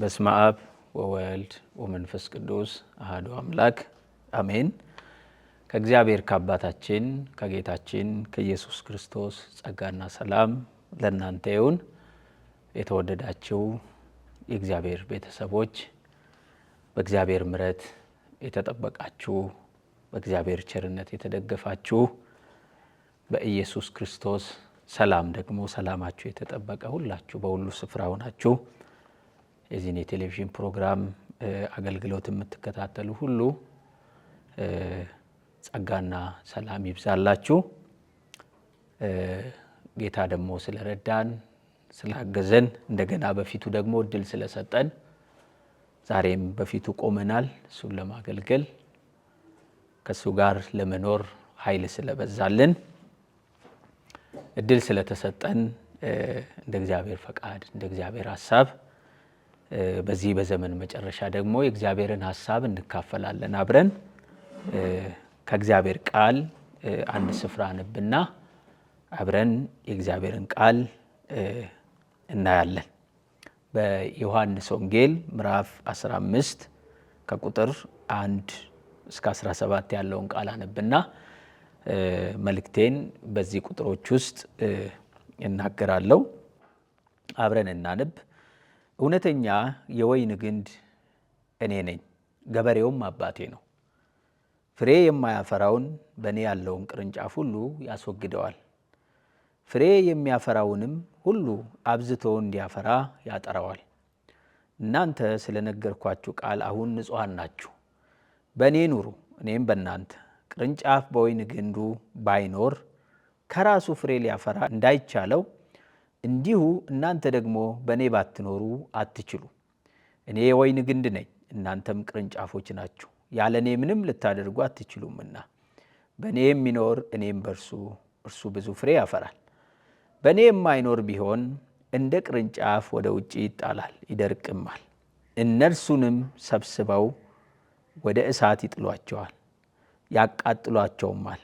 በስመ አብ ወወልድ ወመንፈስ ቅዱስ አህዶ አምላክ አሜን። ከእግዚአብሔር ከአባታችን ከጌታችን ከኢየሱስ ክርስቶስ ጸጋና ሰላም ለእናንተ ይሁን። የተወደዳችሁ የእግዚአብሔር ቤተሰቦች፣ በእግዚአብሔር ምረት የተጠበቃችሁ፣ በእግዚአብሔር ቸርነት የተደገፋችሁ፣ በኢየሱስ ክርስቶስ ሰላም ደግሞ ሰላማችሁ የተጠበቀ ሁላችሁ በሁሉ ስፍራ ሆናችሁ የዚህን የቴሌቪዥን ፕሮግራም አገልግሎት የምትከታተሉ ሁሉ ጸጋና ሰላም ይብዛላችሁ። ጌታ ደግሞ ስለረዳን ስላገዘን፣ እንደገና በፊቱ ደግሞ እድል ስለሰጠን ዛሬም በፊቱ ቆመናል። እሱን ለማገልገል ከእሱ ጋር ለመኖር ኃይል ስለበዛልን እድል ስለተሰጠን እንደ እግዚአብሔር ፈቃድ እንደ እግዚአብሔር ሀሳብ በዚህ በዘመን መጨረሻ ደግሞ የእግዚአብሔርን ሀሳብ እንካፈላለን። አብረን ከእግዚአብሔር ቃል አንድ ስፍራ ንብና አብረን የእግዚአብሔርን ቃል እናያለን። በዮሐንስ ወንጌል ምዕራፍ 15 ከቁጥር 1 እስከ 17 ያለውን ቃል አንብና መልእክቴን በዚህ ቁጥሮች ውስጥ እናገራለሁ። አብረን እናንብ። እውነተኛ የወይን ግንድ እኔ ነኝ፣ ገበሬውም አባቴ ነው። ፍሬ የማያፈራውን በእኔ ያለውን ቅርንጫፍ ሁሉ ያስወግደዋል፣ ፍሬ የሚያፈራውንም ሁሉ አብዝቶ እንዲያፈራ ያጠራዋል። እናንተ ስለነገርኳችሁ ቃል አሁን ንጹሐን ናችሁ። በእኔ ኑሩ፣ እኔም በእናንተ። ቅርንጫፍ በወይን ግንዱ ባይኖር ከራሱ ፍሬ ሊያፈራ እንዳይቻለው እንዲሁ እናንተ ደግሞ በእኔ ባትኖሩ አትችሉ። እኔ የወይን ግንድ ነኝ፣ እናንተም ቅርንጫፎች ናችሁ። ያለ እኔ ምንም ልታደርጉ አትችሉምና በእኔ የሚኖር እኔም በእርሱ እርሱ ብዙ ፍሬ ያፈራል። በእኔ የማይኖር ቢሆን እንደ ቅርንጫፍ ወደ ውጭ ይጣላል፣ ይደርቅማል። እነርሱንም ሰብስበው ወደ እሳት ይጥሏቸዋል፣ ያቃጥሏቸውማል።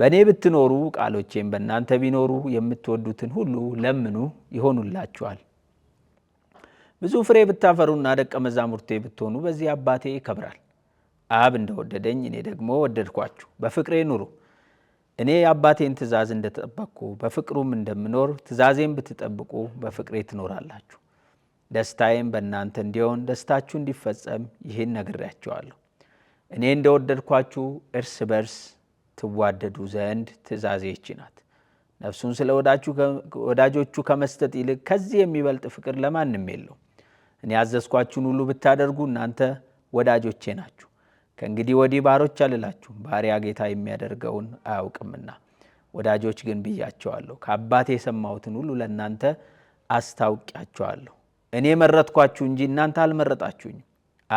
በእኔ ብትኖሩ ቃሎቼም በእናንተ ቢኖሩ የምትወዱትን ሁሉ ለምኑ ይሆኑላችኋል። ብዙ ፍሬ ብታፈሩና ደቀ መዛሙርቴ ብትሆኑ በዚህ አባቴ ይከብራል። አብ እንደወደደኝ እኔ ደግሞ ወደድኳችሁ፣ በፍቅሬ ኑሩ። እኔ የአባቴን ትእዛዝ እንደተጠበቅኩ በፍቅሩም እንደምኖር ትእዛዜን ብትጠብቁ በፍቅሬ ትኖራላችሁ። ደስታዬም በእናንተ እንዲሆን ደስታችሁ እንዲፈጸም ይህን ነግሬያቸዋለሁ። እኔ እንደወደድኳችሁ እርስ በርስ ትዋደዱ ዘንድ ትእዛዜ ይቺ ናት። ነፍሱን ስለ ወዳጆቹ ከመስጠት ይልቅ ከዚህ የሚበልጥ ፍቅር ለማንም የለው። እኔ ያዘዝኳችሁን ሁሉ ብታደርጉ እናንተ ወዳጆቼ ናችሁ። ከእንግዲህ ወዲህ ባሮች አልላችሁም፣ ባሪያ ጌታ የሚያደርገውን አያውቅምና። ወዳጆች ግን ብያቸዋለሁ፣ ከአባቴ የሰማሁትን ሁሉ ለእናንተ አስታውቂያቸዋለሁ። እኔ መረጥኳችሁ እንጂ እናንተ አልመረጣችሁኝም።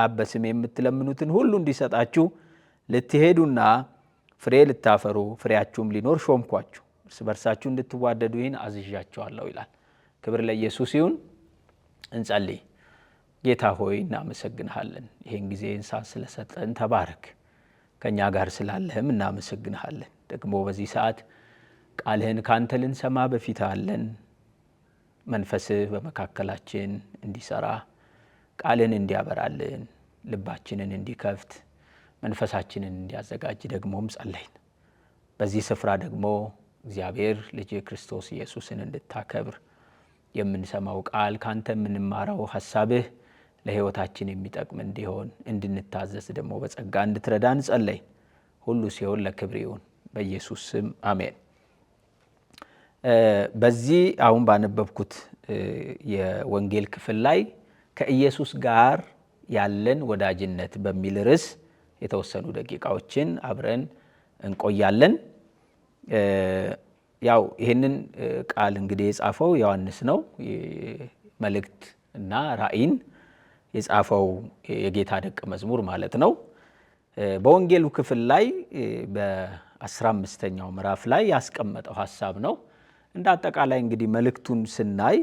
አብ በስሜ የምትለምኑትን ሁሉ እንዲሰጣችሁ ልትሄዱና ፍሬ ልታፈሩ ፍሬያችሁም ሊኖር ሾምኳችሁ፣ እርስ በርሳችሁ እንድትዋደዱ ይህን አዝዣችኋለሁ ይላል። ክብር ለኢየሱስ ይሁን። እንጸልይ። ጌታ ሆይ እናመሰግንሃለን። ይህን ጊዜ እንሳን ስለሰጠን ተባረክ። ከእኛ ጋር ስላለህም እናመሰግንሃለን። ደግሞ በዚህ ሰዓት ቃልህን ካንተ ልንሰማ በፊት አለን። መንፈስህ በመካከላችን እንዲሰራ ቃልን እንዲያበራልን ልባችንን እንዲከፍት መንፈሳችንን እንዲያዘጋጅ ደግሞም ጸለይን። በዚህ ስፍራ ደግሞ እግዚአብሔር ልጅ ክርስቶስ ኢየሱስን እንድታከብር የምንሰማው ቃል ካንተ የምንማረው ሀሳብህ ለሕይወታችን የሚጠቅም እንዲሆን እንድንታዘዝ ደግሞ በጸጋ እንድትረዳን ጸለይ ሁሉ ሲሆን ለክብር ይሁን በኢየሱስ ስም አሜን። በዚህ አሁን ባነበብኩት የወንጌል ክፍል ላይ ከኢየሱስ ጋር ያለን ወዳጅነት በሚል ርዕስ የተወሰኑ ደቂቃዎችን አብረን እንቆያለን። ያው ይህንን ቃል እንግዲህ የጻፈው ዮሐንስ ነው። መልእክት እና ራእይን የጻፈው የጌታ ደቀ መዝሙር ማለት ነው። በወንጌሉ ክፍል ላይ በአስራ አምስተኛው ምዕራፍ ላይ ያስቀመጠው ሀሳብ ነው። እንደ አጠቃላይ እንግዲህ መልእክቱን ስናይ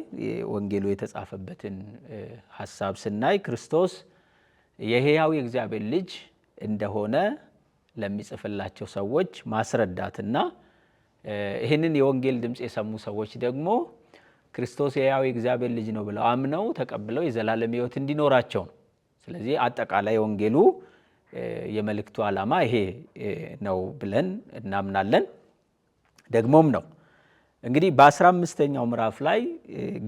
ወንጌሉ የተጻፈበትን ሀሳብ ስናይ ክርስቶስ የሕያው የእግዚአብሔር ልጅ እንደሆነ ለሚጽፍላቸው ሰዎች ማስረዳትና ይህንን የወንጌል ድምፅ የሰሙ ሰዎች ደግሞ ክርስቶስ የሕያው እግዚአብሔር ልጅ ነው ብለው አምነው ተቀብለው የዘላለም ሕይወት እንዲኖራቸው ነው። ስለዚህ አጠቃላይ ወንጌሉ የመልእክቱ ዓላማ ይሄ ነው ብለን እናምናለን። ደግሞም ነው እንግዲህ በአስራ አምስተኛው ምዕራፍ ላይ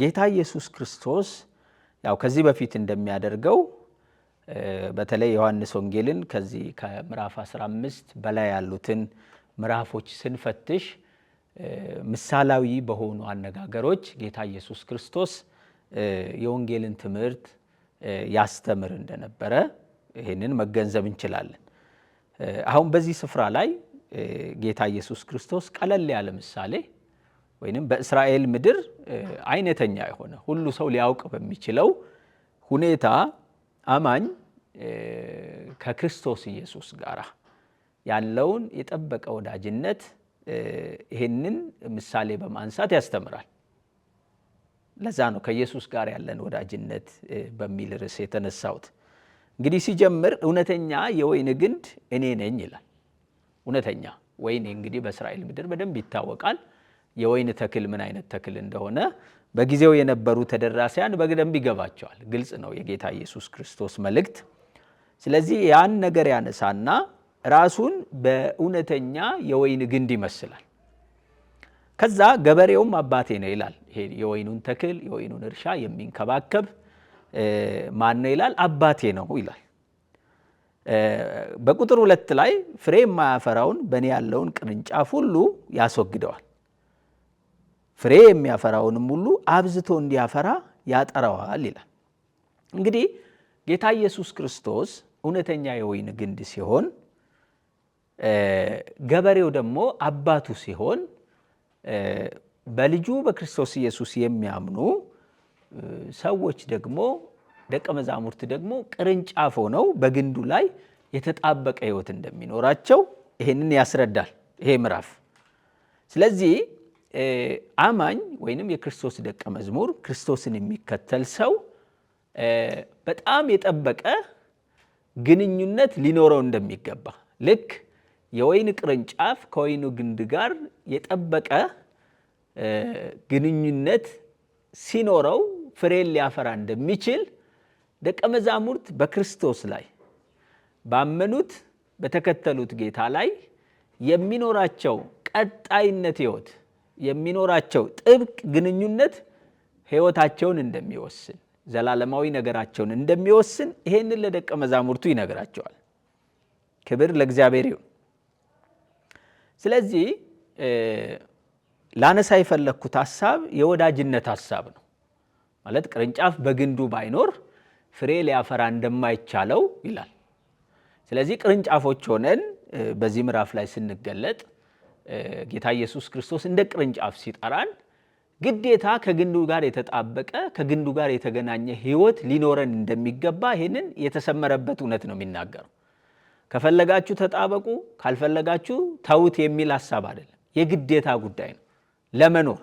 ጌታ ኢየሱስ ክርስቶስ ያው ከዚህ በፊት እንደሚያደርገው በተለይ ዮሐንስ ወንጌልን ከዚህ ከምዕራፍ 15 በላይ ያሉትን ምዕራፎች ስንፈትሽ ምሳሌያዊ በሆኑ አነጋገሮች ጌታ ኢየሱስ ክርስቶስ የወንጌልን ትምህርት ያስተምር እንደነበረ ይህንን መገንዘብ እንችላለን። አሁን በዚህ ስፍራ ላይ ጌታ ኢየሱስ ክርስቶስ ቀለል ያለ ምሳሌ ወይንም በእስራኤል ምድር አይነተኛ የሆነ ሁሉ ሰው ሊያውቅ በሚችለው ሁኔታ አማኝ ከክርስቶስ ኢየሱስ ጋር ያለውን የጠበቀ ወዳጅነት ይህንን ምሳሌ በማንሳት ያስተምራል። ለዛ ነው ከኢየሱስ ጋር ያለን ወዳጅነት በሚል ርዕስ የተነሳሁት። እንግዲህ ሲጀምር እውነተኛ የወይን ግንድ እኔ ነኝ ይላል። እውነተኛ ወይን እንግዲህ በእስራኤል ምድር በደንብ ይታወቃል። የወይን ተክል ምን አይነት ተክል እንደሆነ በጊዜው የነበሩ ተደራሲያን በደንብ ይገባቸዋል። ግልጽ ነው የጌታ ኢየሱስ ክርስቶስ መልእክት። ስለዚህ ያን ነገር ያነሳና ራሱን በእውነተኛ የወይን ግንድ ይመስላል። ከዛ ገበሬውም አባቴ ነው ይላል። ይሄ የወይኑን ተክል የወይኑን እርሻ የሚንከባከብ ማን ነው ይላል? አባቴ ነው ይላል። በቁጥር ሁለት ላይ ፍሬ የማያፈራውን በእኔ ያለውን ቅርንጫፍ ሁሉ ያስወግደዋል ፍሬ የሚያፈራውንም ሁሉ አብዝቶ እንዲያፈራ ያጠረዋል ይላል። እንግዲህ ጌታ ኢየሱስ ክርስቶስ እውነተኛ የወይን ግንድ ሲሆን ገበሬው ደግሞ አባቱ ሲሆን በልጁ በክርስቶስ ኢየሱስ የሚያምኑ ሰዎች ደግሞ ደቀ መዛሙርት ደግሞ ቅርንጫፍ ሆነው በግንዱ ላይ የተጣበቀ ሕይወት እንደሚኖራቸው ይህንን ያስረዳል ይሄ ምዕራፍ። ስለዚህ አማኝ ወይንም የክርስቶስ ደቀ መዝሙር ክርስቶስን የሚከተል ሰው በጣም የጠበቀ ግንኙነት ሊኖረው እንደሚገባ ልክ የወይን ቅርንጫፍ ከወይኑ ግንድ ጋር የጠበቀ ግንኙነት ሲኖረው ፍሬን ሊያፈራ እንደሚችል ደቀ መዛሙርት በክርስቶስ ላይ ባመኑት በተከተሉት ጌታ ላይ የሚኖራቸው ቀጣይነት ሕይወት የሚኖራቸው ጥብቅ ግንኙነት ህይወታቸውን እንደሚወስን ዘላለማዊ ነገራቸውን እንደሚወስን ይሄንን ለደቀ መዛሙርቱ ይነግራቸዋል። ክብር ለእግዚአብሔር ይሁን። ስለዚህ ላነሳ የፈለግኩት ሀሳብ የወዳጅነት ሀሳብ ነው። ማለት ቅርንጫፍ በግንዱ ባይኖር ፍሬ ሊያፈራ እንደማይቻለው ይላል። ስለዚህ ቅርንጫፎች ሆነን በዚህ ምዕራፍ ላይ ስንገለጥ ጌታ ኢየሱስ ክርስቶስ እንደ ቅርንጫፍ ሲጠራን ግዴታ ከግንዱ ጋር የተጣበቀ ከግንዱ ጋር የተገናኘ ህይወት ሊኖረን እንደሚገባ ይህንን የተሰመረበት እውነት ነው የሚናገረው። ከፈለጋችሁ ተጣበቁ፣ ካልፈለጋችሁ ተዉት የሚል ሀሳብ አይደለም። የግዴታ ጉዳይ ነው ለመኖር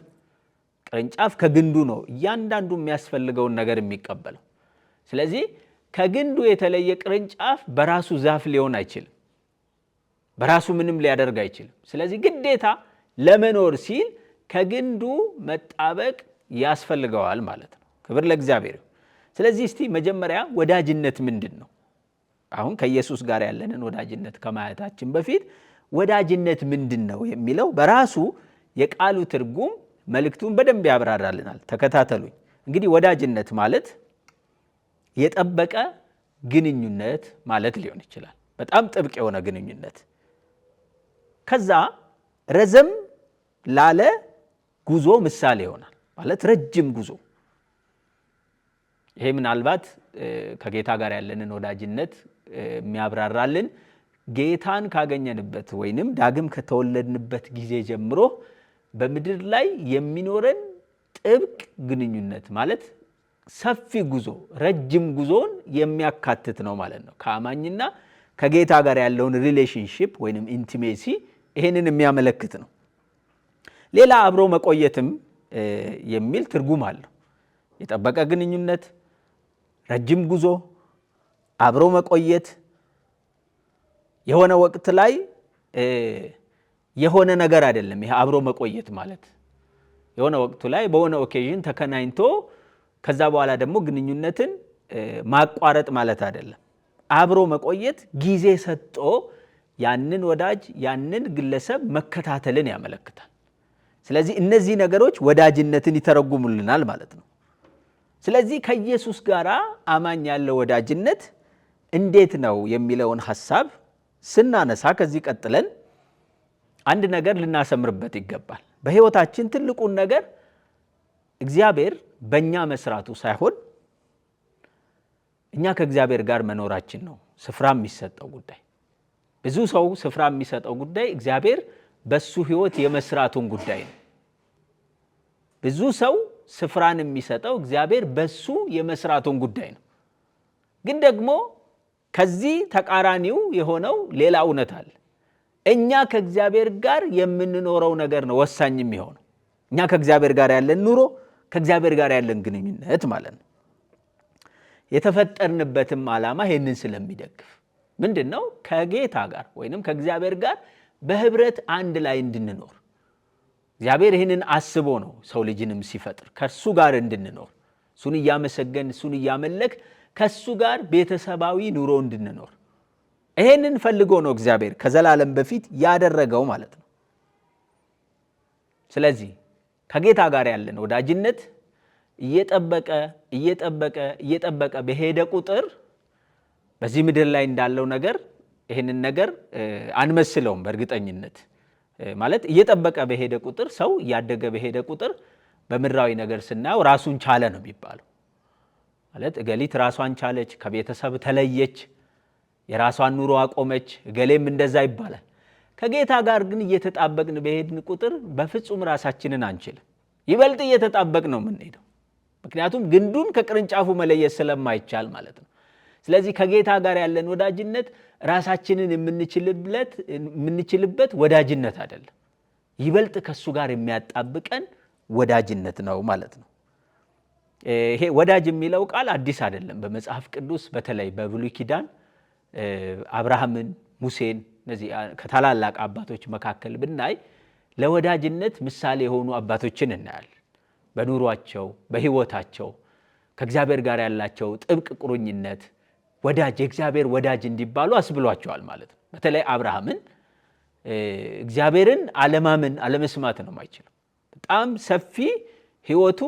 ቅርንጫፍ ከግንዱ ነው እያንዳንዱ የሚያስፈልገውን ነገር የሚቀበለው። ስለዚህ ከግንዱ የተለየ ቅርንጫፍ በራሱ ዛፍ ሊሆን አይችልም። በራሱ ምንም ሊያደርግ አይችልም። ስለዚህ ግዴታ ለመኖር ሲል ከግንዱ መጣበቅ ያስፈልገዋል ማለት ነው። ክብር ለእግዚአብሔር። ስለዚህ እስቲ መጀመሪያ ወዳጅነት ምንድን ነው? አሁን ከኢየሱስ ጋር ያለንን ወዳጅነት ከማየታችን በፊት ወዳጅነት ምንድን ነው የሚለው በራሱ የቃሉ ትርጉም መልእክቱን በደንብ ያብራራልናል። ተከታተሉኝ። እንግዲህ ወዳጅነት ማለት የጠበቀ ግንኙነት ማለት ሊሆን ይችላል። በጣም ጥብቅ የሆነ ግንኙነት ከዛ ረዘም ላለ ጉዞ ምሳሌ ይሆናል። ማለት ረጅም ጉዞ ይሄ ምናልባት ከጌታ ጋር ያለንን ወዳጅነት የሚያብራራልን ጌታን ካገኘንበት ወይንም ዳግም ከተወለድንበት ጊዜ ጀምሮ በምድር ላይ የሚኖረን ጥብቅ ግንኙነት ማለት ሰፊ ጉዞ ረጅም ጉዞውን የሚያካትት ነው ማለት ነው። ከአማኝና ከጌታ ጋር ያለውን ሪሌሽንሽፕ ወይንም ኢንቲሜሲ ይሄንን የሚያመለክት ነው። ሌላ አብሮ መቆየትም የሚል ትርጉም አለው። የጠበቀ ግንኙነት፣ ረጅም ጉዞ፣ አብሮ መቆየት የሆነ ወቅት ላይ የሆነ ነገር አይደለም። ይሄ አብሮ መቆየት ማለት የሆነ ወቅቱ ላይ በሆነ ኦኬዥን ተከናኝቶ ከዛ በኋላ ደግሞ ግንኙነትን ማቋረጥ ማለት አይደለም። አብሮ መቆየት ጊዜ ሰጥቶ ያንን ወዳጅ ያንን ግለሰብ መከታተልን ያመለክታል። ስለዚህ እነዚህ ነገሮች ወዳጅነትን ይተረጉሙልናል ማለት ነው። ስለዚህ ከኢየሱስ ጋር አማኝ ያለው ወዳጅነት እንዴት ነው የሚለውን ሐሳብ ስናነሳ ከዚህ ቀጥለን አንድ ነገር ልናሰምርበት ይገባል። በሕይወታችን ትልቁን ነገር እግዚአብሔር በእኛ መስራቱ ሳይሆን እኛ ከእግዚአብሔር ጋር መኖራችን ነው ስፍራ የሚሰጠው ጉዳይ ብዙ ሰው ስፍራ የሚሰጠው ጉዳይ እግዚአብሔር በሱ ህይወት የመስራቱን ጉዳይ ነው። ብዙ ሰው ስፍራን የሚሰጠው እግዚአብሔር በሱ የመስራቱን ጉዳይ ነው። ግን ደግሞ ከዚህ ተቃራኒው የሆነው ሌላ እውነት አለ። እኛ ከእግዚአብሔር ጋር የምንኖረው ነገር ነው ወሳኝ የሚሆነው። እኛ ከእግዚአብሔር ጋር ያለን ኑሮ፣ ከእግዚአብሔር ጋር ያለን ግንኙነት ማለት ነው። የተፈጠርንበትም ዓላማ ይህንን ስለሚደግፍ ምንድን ነው? ከጌታ ጋር ወይንም ከእግዚአብሔር ጋር በህብረት አንድ ላይ እንድንኖር እግዚአብሔር ይህንን አስቦ ነው ሰው ልጅንም ሲፈጥር ከእሱ ጋር እንድንኖር እሱን እያመሰገን እሱን እያመለክ ከእሱ ጋር ቤተሰባዊ ኑሮ እንድንኖር ይሄንን ፈልጎ ነው እግዚአብሔር ከዘላለም በፊት ያደረገው ማለት ነው። ስለዚህ ከጌታ ጋር ያለን ወዳጅነት እየጠበቀ እየጠበቀ እየጠበቀ በሄደ ቁጥር በዚህ ምድር ላይ እንዳለው ነገር ይህንን ነገር አንመስለውም። በእርግጠኝነት ማለት እየጠበቀ በሄደ ቁጥር ሰው እያደገ በሄደ ቁጥር በምድራዊ ነገር ስናየው ራሱን ቻለ ነው የሚባለው። ማለት እገሊት ራሷን ቻለች፣ ከቤተሰብ ተለየች፣ የራሷን ኑሮ አቆመች፣ እገሌም እንደዛ ይባላል። ከጌታ ጋር ግን እየተጣበቅን በሄድን ቁጥር በፍጹም ራሳችንን አንችልም። ይበልጥ እየተጣበቅ ነው የምንሄደው። ምክንያቱም ግንዱን ከቅርንጫፉ መለየት ስለማይቻል ማለት ነው። ስለዚህ ከጌታ ጋር ያለን ወዳጅነት ራሳችንን የምንችልበት ወዳጅነት አይደለም። ይበልጥ ከሱ ጋር የሚያጣብቀን ወዳጅነት ነው ማለት ነው። ይሄ ወዳጅ የሚለው ቃል አዲስ አይደለም። በመጽሐፍ ቅዱስ በተለይ በብሉይ ኪዳን አብርሃምን፣ ሙሴን እነዚህ ከታላላቅ አባቶች መካከል ብናይ ለወዳጅነት ምሳሌ የሆኑ አባቶችን እናያለን። በኑሯቸው፣ በሕይወታቸው ከእግዚአብሔር ጋር ያላቸው ጥብቅ ቁርኝነት ወዳጅ የእግዚአብሔር ወዳጅ እንዲባሉ አስብሏቸዋል ማለት ነው። በተለይ አብርሃምን እግዚአብሔርን አለማመን አለመስማት ነው የማይችለው። በጣም ሰፊ ህይወቱ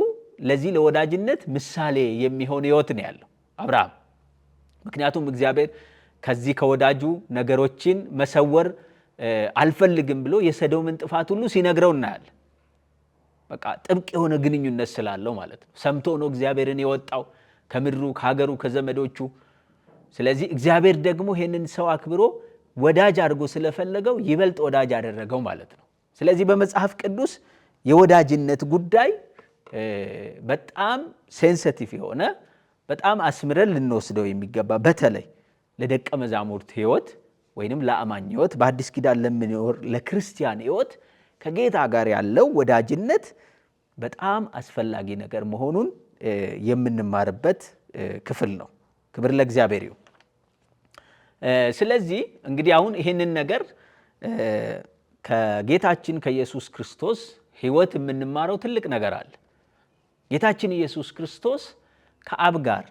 ለዚህ ለወዳጅነት ምሳሌ የሚሆን ህይወት ነው ያለው አብርሃም። ምክንያቱም እግዚአብሔር ከዚህ ከወዳጁ ነገሮችን መሰወር አልፈልግም ብሎ የሰዶምን ጥፋት ሁሉ ሲነግረው እናያለን። በቃ ጥብቅ የሆነ ግንኙነት ስላለው ማለት ነው። ሰምቶ ነው እግዚአብሔርን የወጣው ከምድሩ ከሀገሩ ከዘመዶቹ ስለዚህ እግዚአብሔር ደግሞ ይህንን ሰው አክብሮ ወዳጅ አድርጎ ስለፈለገው ይበልጥ ወዳጅ አደረገው ማለት ነው። ስለዚህ በመጽሐፍ ቅዱስ የወዳጅነት ጉዳይ በጣም ሴንሰቲቭ የሆነ በጣም አስምረን ልንወስደው የሚገባ በተለይ ለደቀ መዛሙርት ሕይወት ወይንም ለአማኝ ሕይወት በአዲስ ኪዳን ለምንኖር ለክርስቲያን ሕይወት ከጌታ ጋር ያለው ወዳጅነት በጣም አስፈላጊ ነገር መሆኑን የምንማርበት ክፍል ነው። ክብር ለእግዚአብሔር ይሁን። ስለዚህ እንግዲህ አሁን ይህንን ነገር ከጌታችን ከኢየሱስ ክርስቶስ ሕይወት የምንማረው ትልቅ ነገር አለ። ጌታችን ኢየሱስ ክርስቶስ ከአብ ጋር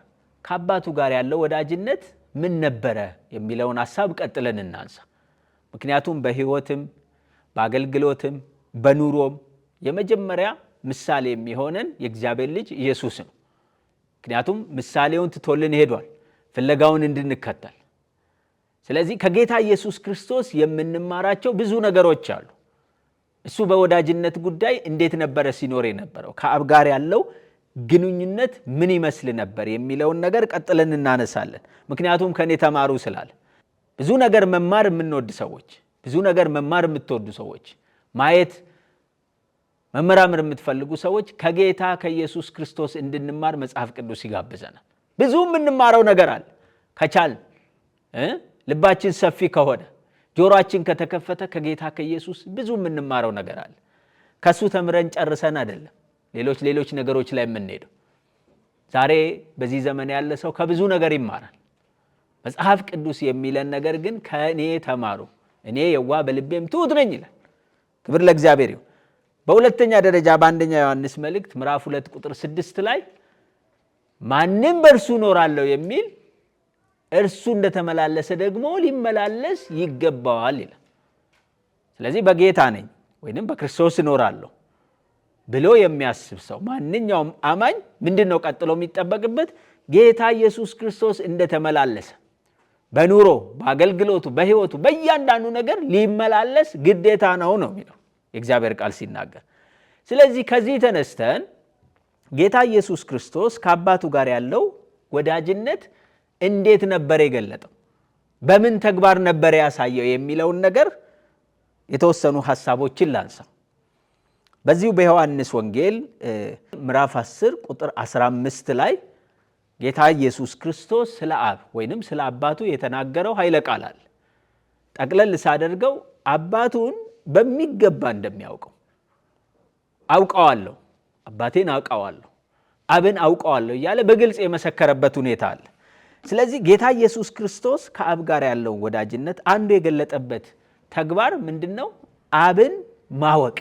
ከአባቱ ጋር ያለው ወዳጅነት ምን ነበረ የሚለውን ሀሳብ ቀጥለን እናንሳ። ምክንያቱም በሕይወትም በአገልግሎትም በኑሮም የመጀመሪያ ምሳሌ የሚሆነን የእግዚአብሔር ልጅ ኢየሱስ ነው። ምክንያቱም ምሳሌውን ትቶልን ሄዷል፣ ፍለጋውን እንድንከተል ስለዚህ ከጌታ ኢየሱስ ክርስቶስ የምንማራቸው ብዙ ነገሮች አሉ። እሱ በወዳጅነት ጉዳይ እንዴት ነበረ ሲኖር የነበረው፣ ከአብ ጋር ያለው ግንኙነት ምን ይመስል ነበር የሚለውን ነገር ቀጥለን እናነሳለን። ምክንያቱም ከእኔ ተማሩ ስላለ ብዙ ነገር መማር የምንወድ ሰዎች፣ ብዙ ነገር መማር የምትወዱ ሰዎች፣ ማየት መመራመር የምትፈልጉ ሰዎች ከጌታ ከኢየሱስ ክርስቶስ እንድንማር መጽሐፍ ቅዱስ ይጋብዘናል። ብዙ የምንማረው ነገር አለ ከቻል ልባችን ሰፊ ከሆነ ጆሮአችን ከተከፈተ ከጌታ ከኢየሱስ ብዙ የምንማረው ነገር አለ። ከሱ ተምረን ጨርሰን አይደለም ሌሎች ሌሎች ነገሮች ላይ የምንሄደው። ዛሬ በዚህ ዘመን ያለ ሰው ከብዙ ነገር ይማራል። መጽሐፍ ቅዱስ የሚለን ነገር ግን ከእኔ ተማሩ እኔ የዋ በልቤም ትሑት ነኝ ይላል። ክብር ለእግዚአብሔር ይሁን። በሁለተኛ ደረጃ በአንደኛ ዮሐንስ መልእክት ምዕራፍ ሁለት ቁጥር ስድስት ላይ ማንም በእርሱ እኖራለሁ የሚል እርሱ እንደተመላለሰ ደግሞ ሊመላለስ ይገባዋል ይላል። ስለዚህ በጌታ ነኝ ወይንም በክርስቶስ እኖራለሁ ብሎ የሚያስብ ሰው ማንኛውም አማኝ ምንድን ነው ቀጥሎ የሚጠበቅበት? ጌታ ኢየሱስ ክርስቶስ እንደተመላለሰ በኑሮ በአገልግሎቱ፣ በሕይወቱ በእያንዳንዱ ነገር ሊመላለስ ግዴታ ነው ነው የሚለው የእግዚአብሔር ቃል ሲናገር። ስለዚህ ከዚህ ተነስተን ጌታ ኢየሱስ ክርስቶስ ከአባቱ ጋር ያለው ወዳጅነት እንዴት ነበር የገለጠው? በምን ተግባር ነበር ያሳየው የሚለውን ነገር የተወሰኑ ሀሳቦችን ላንሳ። በዚሁ በዮሐንስ ወንጌል ምዕራፍ 10 ቁጥር 15 ላይ ጌታ ኢየሱስ ክርስቶስ ስለ አብ ወይንም ስለ አባቱ የተናገረው ኃይለ ቃል አለ። ጠቅለል ሳደርገው አባቱን በሚገባ እንደሚያውቀው አውቀዋለሁ፣ አባቴን አውቀዋለሁ፣ አብን አውቀዋለሁ እያለ በግልጽ የመሰከረበት ሁኔታ አለ። ስለዚህ ጌታ ኢየሱስ ክርስቶስ ከአብ ጋር ያለው ወዳጅነት አንዱ የገለጠበት ተግባር ምንድን ነው? አብን ማወቅ፣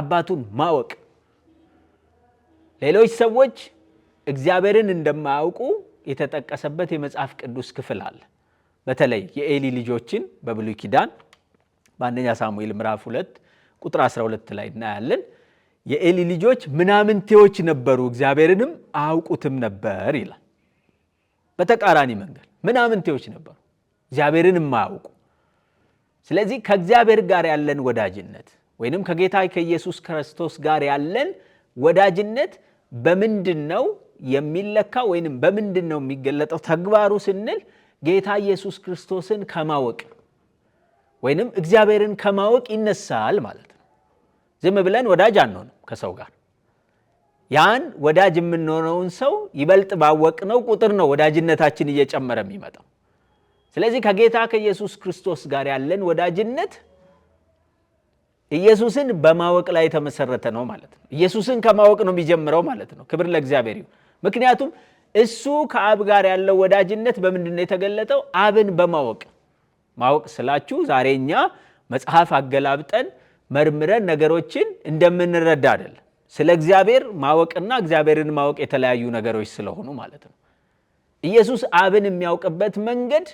አባቱን ማወቅ። ሌሎች ሰዎች እግዚአብሔርን እንደማያውቁ የተጠቀሰበት የመጽሐፍ ቅዱስ ክፍል አለ። በተለይ የኤሊ ልጆችን በብሉይ ኪዳን በአንደኛ ሳሙኤል ምዕራፍ 2 ቁጥር 12 ላይ እናያለን። የኤሊ ልጆች ምናምንቴዎች ነበሩ፣ እግዚአብሔርንም አያውቁትም ነበር ይላል። በተቃራኒ መንገድ ምናምንቴዎች ነበሩ፣ እግዚአብሔርን የማያውቁ። ስለዚህ ከእግዚአብሔር ጋር ያለን ወዳጅነት ወይንም ከጌታ ከኢየሱስ ክርስቶስ ጋር ያለን ወዳጅነት በምንድን ነው የሚለካ ወይንም በምንድን ነው የሚገለጠው ተግባሩ ስንል ጌታ ኢየሱስ ክርስቶስን ከማወቅ ወይንም እግዚአብሔርን ከማወቅ ይነሳል ማለት ነው። ዝም ብለን ወዳጅ አንሆንም ከሰው ጋር ያን ወዳጅ የምንሆነውን ሰው ይበልጥ ባወቅነው ቁጥር ነው ወዳጅነታችን እየጨመረ የሚመጣው። ስለዚህ ከጌታ ከኢየሱስ ክርስቶስ ጋር ያለን ወዳጅነት ኢየሱስን በማወቅ ላይ የተመሰረተ ነው ማለት ነው። ኢየሱስን ከማወቅ ነው የሚጀምረው ማለት ነው። ክብር ለእግዚአብሔር ይሁን። ምክንያቱም እሱ ከአብ ጋር ያለው ወዳጅነት በምንድን ነው የተገለጠው? አብን በማወቅ ማወቅ ስላችሁ ዛሬ እኛ መጽሐፍ አገላብጠን መርምረን ነገሮችን እንደምንረዳ አይደለም። ስለ እግዚአብሔር ማወቅና እግዚአብሔርን ማወቅ የተለያዩ ነገሮች ስለሆኑ ማለት ነው። ኢየሱስ አብን የሚያውቅበት መንገድ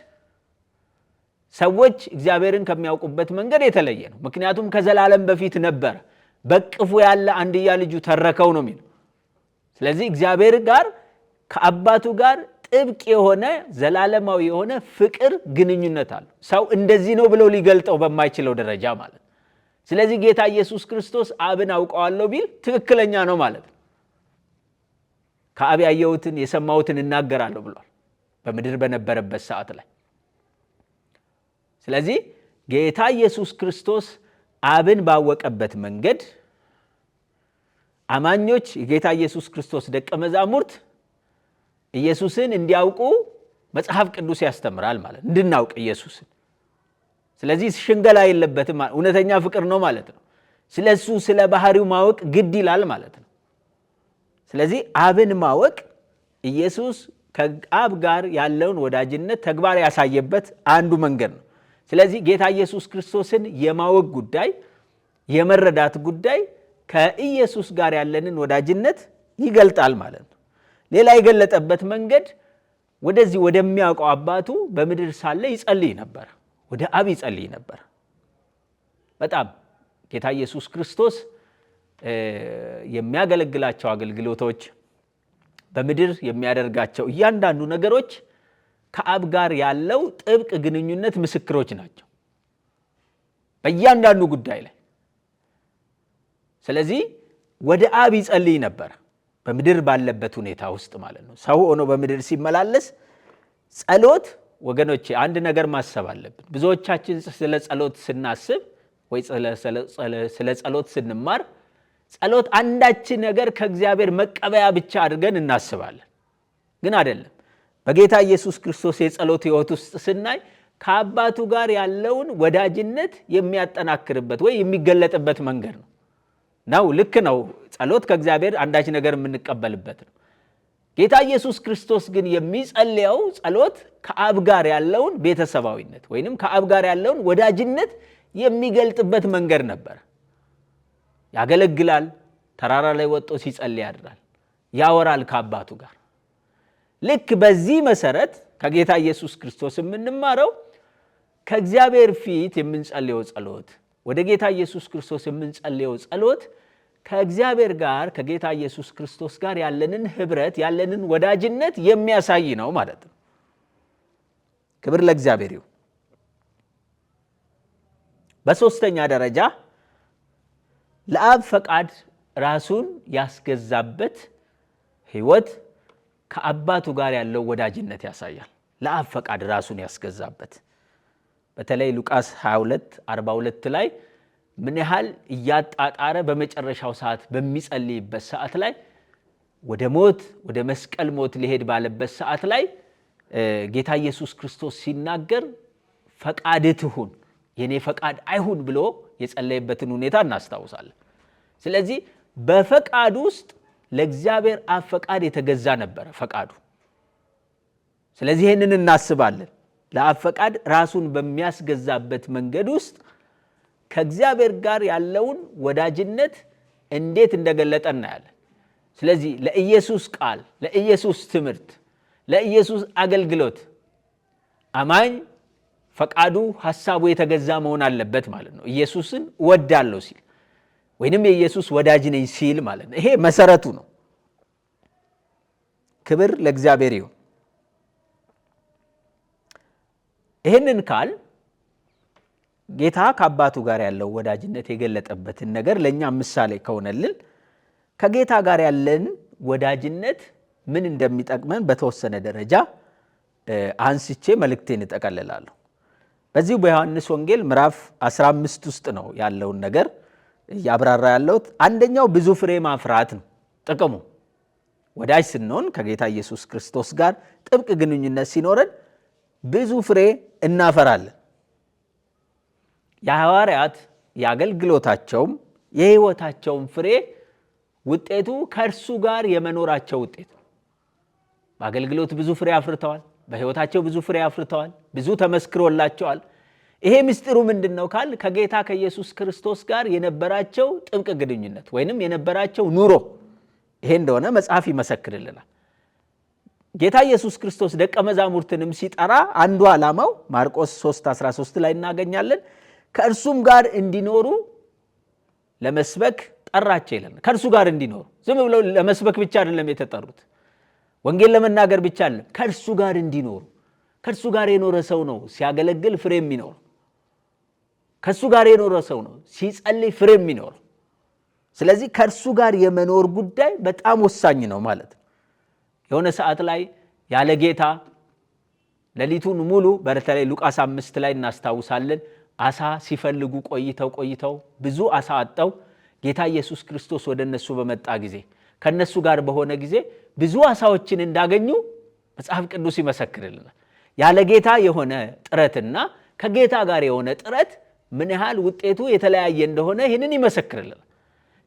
ሰዎች እግዚአብሔርን ከሚያውቁበት መንገድ የተለየ ነው። ምክንያቱም ከዘላለም በፊት ነበረ፣ በቅፉ ያለ አንድያ ልጁ ተረከው ነው የሚለው። ስለዚህ እግዚአብሔር ጋር ከአባቱ ጋር ጥብቅ የሆነ ዘላለማዊ የሆነ ፍቅር ግንኙነት አለው። ሰው እንደዚህ ነው ብለው ሊገልጠው በማይችለው ደረጃ ማለት ነው። ስለዚህ ጌታ ኢየሱስ ክርስቶስ አብን አውቀዋለሁ ቢል ትክክለኛ ነው ማለት ነው። ከአብ ያየሁትን የሰማሁትን እናገራለሁ ብሏል በምድር በነበረበት ሰዓት ላይ። ስለዚህ ጌታ ኢየሱስ ክርስቶስ አብን ባወቀበት መንገድ አማኞች የጌታ ኢየሱስ ክርስቶስ ደቀ መዛሙርት ኢየሱስን እንዲያውቁ መጽሐፍ ቅዱስ ያስተምራል ማለት እንድናውቅ ኢየሱስን ስለዚህ ሽንገላ የለበትም፣ እውነተኛ ፍቅር ነው ማለት ነው። ስለ እሱ ስለ ባህሪው ማወቅ ግድ ይላል ማለት ነው። ስለዚህ አብን ማወቅ ኢየሱስ ከአብ ጋር ያለውን ወዳጅነት ተግባር ያሳየበት አንዱ መንገድ ነው። ስለዚህ ጌታ ኢየሱስ ክርስቶስን የማወቅ ጉዳይ፣ የመረዳት ጉዳይ ከኢየሱስ ጋር ያለንን ወዳጅነት ይገልጣል ማለት ነው። ሌላ የገለጠበት መንገድ ወደዚህ ወደሚያውቀው አባቱ በምድር ሳለ ይጸልይ ነበር። ወደ አብ ይጸልይ ነበር። በጣም ጌታ ኢየሱስ ክርስቶስ የሚያገለግላቸው አገልግሎቶች፣ በምድር የሚያደርጋቸው እያንዳንዱ ነገሮች ከአብ ጋር ያለው ጥብቅ ግንኙነት ምስክሮች ናቸው በእያንዳንዱ ጉዳይ ላይ። ስለዚህ ወደ አብ ይጸልይ ነበር በምድር ባለበት ሁኔታ ውስጥ ማለት ነው። ሰው ሆኖ በምድር ሲመላለስ ጸሎት ወገኖቼ አንድ ነገር ማሰብ አለብን። ብዙዎቻችን ስለ ጸሎት ስናስብ ወይ ስለ ጸሎት ስንማር ጸሎት አንዳች ነገር ከእግዚአብሔር መቀበያ ብቻ አድርገን እናስባለን። ግን አይደለም። በጌታ ኢየሱስ ክርስቶስ የጸሎት ሕይወት ውስጥ ስናይ ከአባቱ ጋር ያለውን ወዳጅነት የሚያጠናክርበት ወይ የሚገለጥበት መንገድ ነው ነው ልክ ነው። ጸሎት ከእግዚአብሔር አንዳች ነገር የምንቀበልበት ነው። ጌታ ኢየሱስ ክርስቶስ ግን የሚጸልየው ጸሎት ከአብ ጋር ያለውን ቤተሰባዊነት ወይንም ከአብ ጋር ያለውን ወዳጅነት የሚገልጥበት መንገድ ነበር። ያገለግላል፣ ተራራ ላይ ወጥቶ ሲጸልይ ያድራል፣ ያወራል ከአባቱ ጋር። ልክ በዚህ መሰረት ከጌታ ኢየሱስ ክርስቶስ የምንማረው ከእግዚአብሔር ፊት የምንጸልየው ጸሎት ወደ ጌታ ኢየሱስ ክርስቶስ የምንጸልየው ጸሎት ከእግዚአብሔር ጋር ከጌታ ኢየሱስ ክርስቶስ ጋር ያለንን ህብረት ያለንን ወዳጅነት የሚያሳይ ነው ማለት ነው። ክብር ለእግዚአብሔር ይሁን። በሦስተኛ ደረጃ ለአብ ፈቃድ ራሱን ያስገዛበት ህይወት ከአባቱ ጋር ያለው ወዳጅነት ያሳያል። ለአብ ፈቃድ ራሱን ያስገዛበት በተለይ ሉቃስ 22 42 ላይ ምን ያህል እያጣጣረ በመጨረሻው ሰዓት በሚጸልይበት ሰዓት ላይ ወደ ሞት ወደ መስቀል ሞት ሊሄድ ባለበት ሰዓት ላይ ጌታ ኢየሱስ ክርስቶስ ሲናገር ፈቃድ ትሁን የኔ ፈቃድ አይሁን ብሎ የጸለየበትን ሁኔታ እናስታውሳለን። ስለዚህ በፈቃድ ውስጥ ለእግዚአብሔር አብ ፈቃድ የተገዛ ነበረ ፈቃዱ። ስለዚህ ይህንን እናስባለን። ለአብ ፈቃድ ራሱን በሚያስገዛበት መንገድ ውስጥ ከእግዚአብሔር ጋር ያለውን ወዳጅነት እንዴት እንደገለጠ እናያለን። ስለዚህ ለኢየሱስ ቃል፣ ለኢየሱስ ትምህርት፣ ለኢየሱስ አገልግሎት አማኝ ፈቃዱ፣ ሀሳቡ የተገዛ መሆን አለበት ማለት ነው። ኢየሱስን እወዳለሁ ሲል ወይንም የኢየሱስ ወዳጅ ነኝ ሲል ማለት ነው። ይሄ መሰረቱ ነው። ክብር ለእግዚአብሔር ይሁን። ይህንን ካል ጌታ ከአባቱ ጋር ያለው ወዳጅነት የገለጠበትን ነገር ለእኛ ምሳሌ ከሆነልን ከጌታ ጋር ያለን ወዳጅነት ምን እንደሚጠቅመን በተወሰነ ደረጃ አንስቼ መልእክቴን እጠቀልላለሁ። በዚሁ በዮሐንስ ወንጌል ምዕራፍ 15 ውስጥ ነው ያለውን ነገር እያብራራ ያለሁት። አንደኛው ብዙ ፍሬ ማፍራት ነው ጥቅሙ። ወዳጅ ስንሆን ከጌታ ኢየሱስ ክርስቶስ ጋር ጥብቅ ግንኙነት ሲኖረን ብዙ ፍሬ እናፈራለን። የሐዋርያት የአገልግሎታቸውም የሕይወታቸውም ፍሬ ውጤቱ ከእርሱ ጋር የመኖራቸው ውጤት ነው። በአገልግሎት ብዙ ፍሬ አፍርተዋል። በሕይወታቸው ብዙ ፍሬ አፍርተዋል። ብዙ ተመስክሮላቸዋል። ይሄ ምስጢሩ ምንድን ነው ካል ከጌታ ከኢየሱስ ክርስቶስ ጋር የነበራቸው ጥብቅ ግንኙነት ወይንም የነበራቸው ኑሮ ይሄ እንደሆነ መጽሐፍ ይመሰክርልናል። ጌታ ኢየሱስ ክርስቶስ ደቀ መዛሙርትንም ሲጠራ አንዱ ዓላማው ማርቆስ 3 13 ላይ እናገኛለን ከእርሱም ጋር እንዲኖሩ ለመስበክ ጠራቸው ይላል። ከእርሱ ጋር እንዲኖሩ ዝም ብለው ለመስበክ ብቻ አይደለም የተጠሩት፣ ወንጌል ለመናገር ብቻ አይደለም። ከእርሱ ጋር እንዲኖሩ ከእርሱ ጋር የኖረ ሰው ነው ሲያገለግል ፍሬ የሚኖሩ ከእርሱ ጋር የኖረ ሰው ነው ሲጸልይ ፍሬ የሚኖሩ ስለዚህ ከእርሱ ጋር የመኖር ጉዳይ በጣም ወሳኝ ነው ማለት ነው። የሆነ ሰዓት ላይ ያለ ጌታ ሌሊቱን ሙሉ በተለይ ሉቃስ አምስት ላይ እናስታውሳለን አሳ ሲፈልጉ ቆይተው ቆይተው ብዙ አሳ አጠው ጌታ ኢየሱስ ክርስቶስ ወደ እነሱ በመጣ ጊዜ ከእነሱ ጋር በሆነ ጊዜ ብዙ አሳዎችን እንዳገኙ መጽሐፍ ቅዱስ ይመሰክርልናል። ያለ ጌታ የሆነ ጥረትና ከጌታ ጋር የሆነ ጥረት ምን ያህል ውጤቱ የተለያየ እንደሆነ ይህንን ይመሰክርልናል።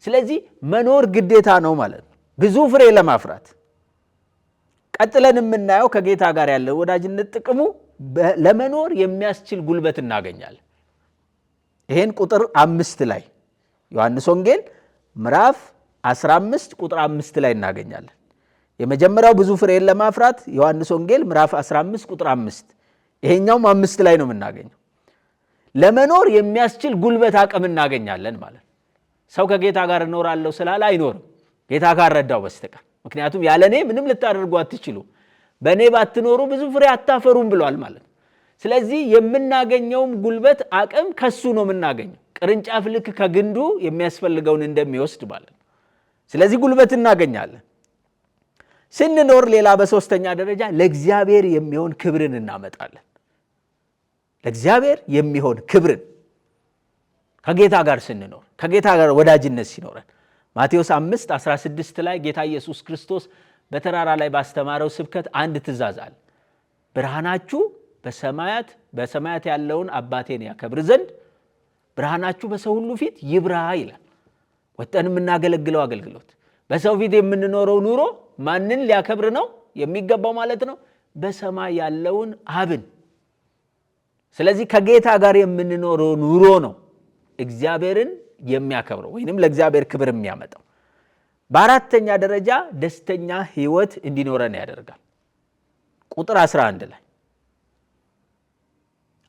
ስለዚህ መኖር ግዴታ ነው ማለት ነው ብዙ ፍሬ ለማፍራት። ቀጥለን የምናየው ከጌታ ጋር ያለ ወዳጅነት ጥቅሙ ለመኖር የሚያስችል ጉልበት እናገኛለን። ይሄን ቁጥር አምስት ላይ ዮሐንስ ወንጌል ምዕራፍ 15 ቁጥር አምስት ላይ እናገኛለን። የመጀመሪያው ብዙ ፍሬን ለማፍራት ዮሐንስ ወንጌል ምዕራፍ 15 ቁጥር አምስት ይሄኛውም አምስት ላይ ነው የምናገኘው። ለመኖር የሚያስችል ጉልበት አቅም እናገኛለን ማለት ሰው ከጌታ ጋር እኖራለሁ ስላለ አይኖርም ጌታ ካረዳው በስተቀር ምክንያቱም ያለ እኔ ምንም ልታደርጉ አትችሉ፣ በእኔ ባትኖሩ ብዙ ፍሬ አታፈሩም ብሏል ማለት ነው። ስለዚህ የምናገኘውም ጉልበት አቅም ከሱ ነው የምናገኘው። ቅርንጫፍ ልክ ከግንዱ የሚያስፈልገውን እንደሚወስድ ማለት ነው። ስለዚህ ጉልበት እናገኛለን። ስንኖር ሌላ በሶስተኛ ደረጃ ለእግዚአብሔር የሚሆን ክብርን እናመጣለን። ለእግዚአብሔር የሚሆን ክብርን ከጌታ ጋር ስንኖር ከጌታ ጋር ወዳጅነት ሲኖረን ማቴዎስ 5 16 ላይ ጌታ ኢየሱስ ክርስቶስ በተራራ ላይ ባስተማረው ስብከት አንድ ትእዛዝ አለ ብርሃናችሁ በሰማያት በሰማያት ያለውን አባቴን ያከብር ዘንድ ብርሃናችሁ በሰው ሁሉ ፊት ይብራ ይላል። ወጠን የምናገለግለው አገልግሎት በሰው ፊት የምንኖረው ኑሮ ማንን ሊያከብር ነው የሚገባው ማለት ነው? በሰማይ ያለውን አብን። ስለዚህ ከጌታ ጋር የምንኖረው ኑሮ ነው እግዚአብሔርን የሚያከብረው ወይንም ለእግዚአብሔር ክብር የሚያመጣው። በአራተኛ ደረጃ ደስተኛ ሕይወት እንዲኖረን ያደርጋል። ቁጥር 11 ላይ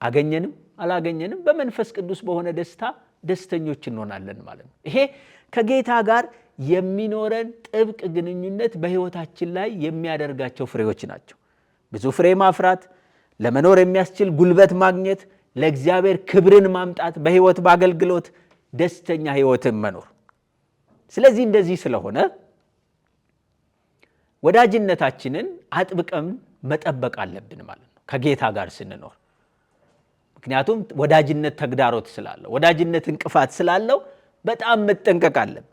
አገኘንም አላገኘንም በመንፈስ ቅዱስ በሆነ ደስታ ደስተኞች እንሆናለን ማለት ነው። ይሄ ከጌታ ጋር የሚኖረን ጥብቅ ግንኙነት በሕይወታችን ላይ የሚያደርጋቸው ፍሬዎች ናቸው። ብዙ ፍሬ ማፍራት፣ ለመኖር የሚያስችል ጉልበት ማግኘት፣ ለእግዚአብሔር ክብርን ማምጣት፣ በሕይወት በአገልግሎት ደስተኛ ሕይወትን መኖር። ስለዚህ እንደዚህ ስለሆነ ወዳጅነታችንን አጥብቀን መጠበቅ አለብን ማለት ነው ከጌታ ጋር ስንኖር ምክንያቱም ወዳጅነት ተግዳሮት ስላለው፣ ወዳጅነት እንቅፋት ስላለው በጣም መጠንቀቅ አለብን።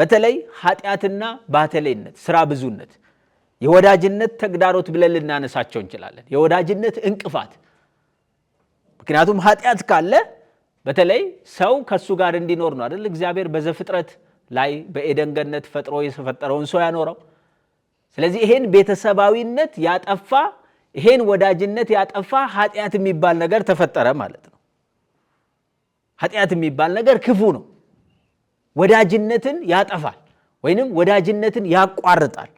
በተለይ ኃጢአትና ባተሌነት፣ ስራ ብዙነት የወዳጅነት ተግዳሮት ብለን ልናነሳቸው እንችላለን። የወዳጅነት እንቅፋት ምክንያቱም ኃጢአት ካለ በተለይ ሰው ከሱ ጋር እንዲኖር ነው አይደል? እግዚአብሔር በዘፍጥረት ላይ በኤደን ገነት ፈጥሮ የፈጠረውን ሰው ያኖረው። ስለዚህ ይሄን ቤተሰባዊነት ያጠፋ ይሄን ወዳጅነት ያጠፋ ኃጢአት የሚባል ነገር ተፈጠረ ማለት ነው። ኃጢአት የሚባል ነገር ክፉ ነው። ወዳጅነትን ያጠፋል ወይንም ወዳጅነትን ያቋርጣል።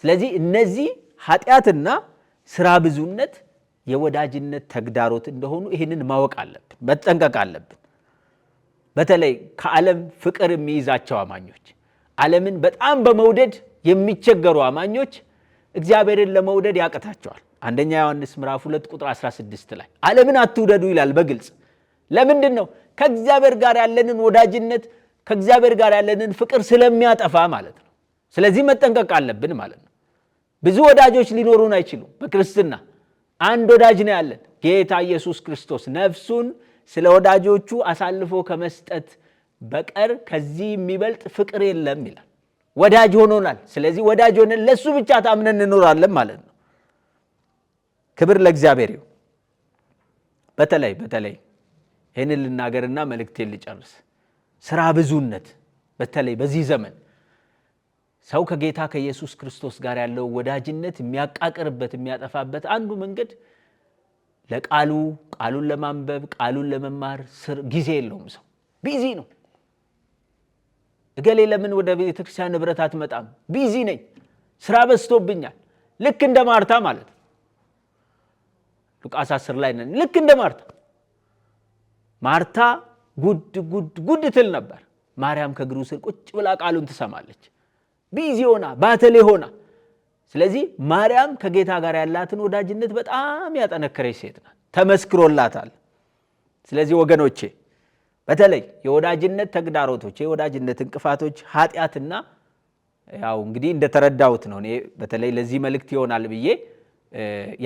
ስለዚህ እነዚህ ኃጢአትና ስራ ብዙነት የወዳጅነት ተግዳሮት እንደሆኑ ይህንን ማወቅ አለብን፣ መጠንቀቅ አለብን። በተለይ ከዓለም ፍቅር የሚይዛቸው አማኞች፣ ዓለምን በጣም በመውደድ የሚቸገሩ አማኞች እግዚአብሔርን ለመውደድ ያቅታቸዋል። አንደኛ ዮሐንስ ምዕራፍ 2 ቁጥር 16 ላይ ዓለምን አትውደዱ ይላል በግልጽ ለምንድን ነው ከእግዚአብሔር ጋር ያለንን ወዳጅነት ከእግዚአብሔር ጋር ያለንን ፍቅር ስለሚያጠፋ ማለት ነው ስለዚህ መጠንቀቅ አለብን ማለት ነው ብዙ ወዳጆች ሊኖሩን አይችሉም በክርስትና አንድ ወዳጅ ነው ያለን ጌታ ኢየሱስ ክርስቶስ ነፍሱን ስለ ወዳጆቹ አሳልፎ ከመስጠት በቀር ከዚህ የሚበልጥ ፍቅር የለም ይላል ወዳጅ ሆኖናል ስለዚህ ወዳጅ ሆነን ለእሱ ብቻ ታምነን እንኖራለን ማለት ነው ክብር ለእግዚአብሔር ይሁን። በተለይ በተለይ ይህንን ልናገርና መልእክቴን ልጨርስ። ስራ ብዙነት በተለይ በዚህ ዘመን ሰው ከጌታ ከኢየሱስ ክርስቶስ ጋር ያለው ወዳጅነት የሚያቃቅርበት የሚያጠፋበት አንዱ መንገድ ለቃሉ ቃሉን ለማንበብ ቃሉን ለመማር ጊዜ የለውም። ሰው ቢዚ ነው። እገሌ ለምን ወደ ቤተክርስቲያን ንብረት አትመጣም? ቢዚ ነኝ፣ ስራ በዝቶብኛል። ልክ እንደ ማርታ ማለት ነው። ሉቃስ 10 ላይ ነን። ልክ እንደ ማርታ ማርታ ጉድ ጉድ ጉድ ትል ነበር። ማርያም ከእግሩ ስር ቁጭ ብላ ቃሉን ትሰማለች፣ ቢዚ ሆና ባተሌ ሆና። ስለዚህ ማርያም ከጌታ ጋር ያላትን ወዳጅነት በጣም ያጠነከረች ሴት ናት፣ ተመስክሮላታል። ስለዚህ ወገኖቼ በተለይ የወዳጅነት ተግዳሮቶች፣ የወዳጅነት እንቅፋቶች ኃጢአትና ያው እንግዲህ እንደተረዳሁት ነው እኔ በተለይ ለዚህ መልእክት ይሆናል ብዬ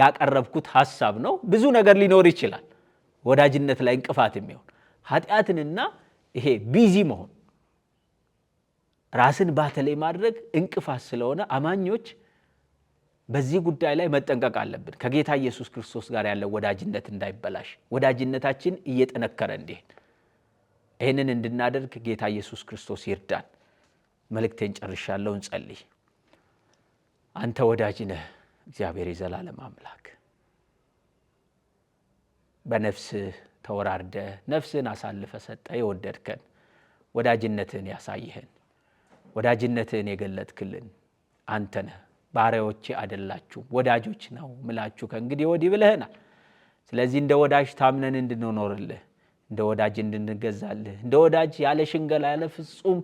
ያቀረብኩት ሀሳብ ነው። ብዙ ነገር ሊኖር ይችላል ወዳጅነት ላይ እንቅፋት የሚሆን ኃጢአትንና ይሄ ቢዚ መሆን ራስን ባተላይ ማድረግ እንቅፋት ስለሆነ አማኞች በዚህ ጉዳይ ላይ መጠንቀቅ አለብን። ከጌታ ኢየሱስ ክርስቶስ ጋር ያለው ወዳጅነት እንዳይበላሽ፣ ወዳጅነታችን እየጠነከረ እንዲሄድ ይህንን እንድናደርግ ጌታ ኢየሱስ ክርስቶስ ይርዳን። መልእክቴን ጨርሻለሁ። እንጸልይ። አንተ ወዳጅ ነህ። እግዚአብሔር የዘላለም አምላክ በነፍስህ ተወራርደ ነፍስህን አሳልፈ ሰጠ የወደድከን ወዳጅነትህን ያሳይህን ወዳጅነትህን የገለጥክልን አንተነ ነህ። ባሪያዎቼ ወዳጆች ነው ምላችሁ ከእንግዲህ ወዲህ ብለህናል። ስለዚህ እንደ ወዳጅ ታምነን እንድንኖርልህ፣ እንደ ወዳጅ እንድንገዛልህ፣ እንደ ወዳጅ ያለ ሽንገላ ያለ ፍጹም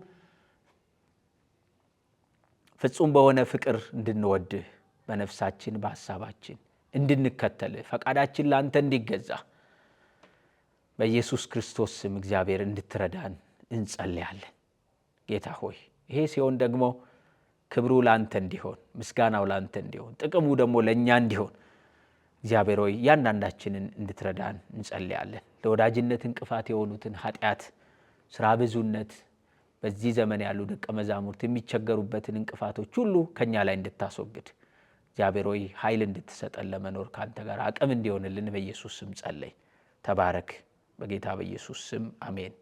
ፍጹም በሆነ ፍቅር እንድንወድህ በነፍሳችን በሐሳባችን እንድንከተል ፈቃዳችን ለአንተ እንዲገዛ በኢየሱስ ክርስቶስ ስም እግዚአብሔር እንድትረዳን እንጸልያለን። ጌታ ሆይ ይሄ ሲሆን ደግሞ ክብሩ ለአንተ እንዲሆን፣ ምስጋናው ለአንተ እንዲሆን፣ ጥቅሙ ደግሞ ለእኛ እንዲሆን እግዚአብሔር ሆይ እያንዳንዳችንን እንድትረዳን እንጸልያለን። ለወዳጅነት እንቅፋት የሆኑትን ኃጢአት፣ ስራ ብዙነት በዚህ ዘመን ያሉ ደቀ መዛሙርት የሚቸገሩበትን እንቅፋቶች ሁሉ ከእኛ ላይ እንድታስወግድ እግዚአብሔር ሆይ ኃይል እንድትሰጠን ለመኖር ከአንተ ጋር አቅም እንዲሆንልን በኢየሱስ ስም ጸለይ። ተባረክ። በጌታ በኢየሱስ ስም አሜን።